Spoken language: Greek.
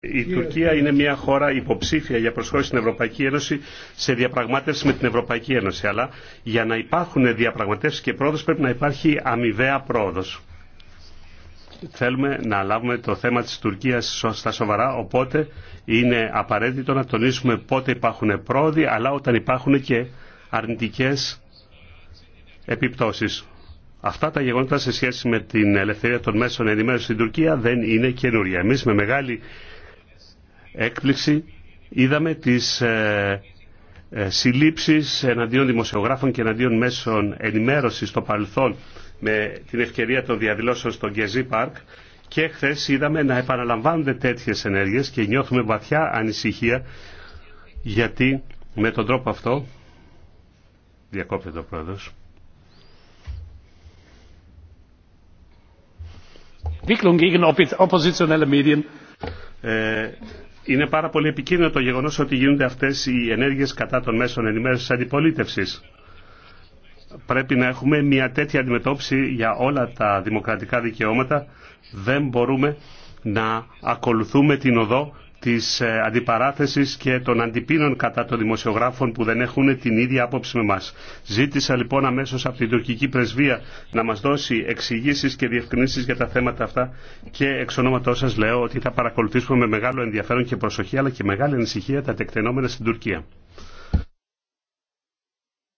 Η Τουρκία είναι μια χώρα υποψήφια για προσχώρηση στην Ευρωπαϊκή Ένωση σε διαπραγμάτευση με την Ευρωπαϊκή Ένωση. Αλλά για να υπάρχουν διαπραγματεύσει και πρόοδο πρέπει να υπάρχει αμοιβαία πρόοδο. Θέλουμε να λάβουμε το θέμα της Τουρκίας στα σοβαρά, οπότε είναι απαραίτητο να τονίσουμε πότε υπάρχουν πρόοδοι, αλλά όταν υπάρχουν και αρνητικές επιπτώσεις. Αυτά τα γεγονότα σε σχέση με την ελευθερία των μέσων ενημέρωσης στην Τουρκία δεν είναι καινούρια. Εμείς με μεγάλη έκπληξη είδαμε τις ε, ε, συλλήψεις εναντίον δημοσιογράφων και εναντίον μέσων ενημέρωσης στο παρελθόν με την ευκαιρία των διαδηλώσεων στο Γκεζί Πάρκ και χθε είδαμε να επαναλαμβάνονται τέτοιες ενέργειες και νιώθουμε βαθιά ανησυχία γιατί με τον τρόπο αυτό διακόπτεται ο πρόεδρος Entwicklung ε, είναι πάρα πολύ επικίνδυνο το γεγονός ότι γίνονται αυτές οι ενέργειες κατά των μέσων ενημέρωσης αντιπολίτευσης. Πρέπει να έχουμε μια τέτοια αντιμετώπιση για όλα τα δημοκρατικά δικαιώματα. Δεν μπορούμε να ακολουθούμε την οδό της ε, αντιπαράθεσης και των αντιπίνων κατά των δημοσιογράφων που δεν έχουν την ίδια άποψη με μας. Ζήτησα λοιπόν αμέσως από την τουρκική πρεσβεία να μας δώσει εξηγήσεις και διευκρινήσεις για τα θέματα αυτά και εξ ονόματός σας λέω ότι θα παρακολουθήσουμε με μεγάλο ενδιαφέρον και προσοχή αλλά και μεγάλη ανησυχία τα τεκτενόμενα στην Τουρκία.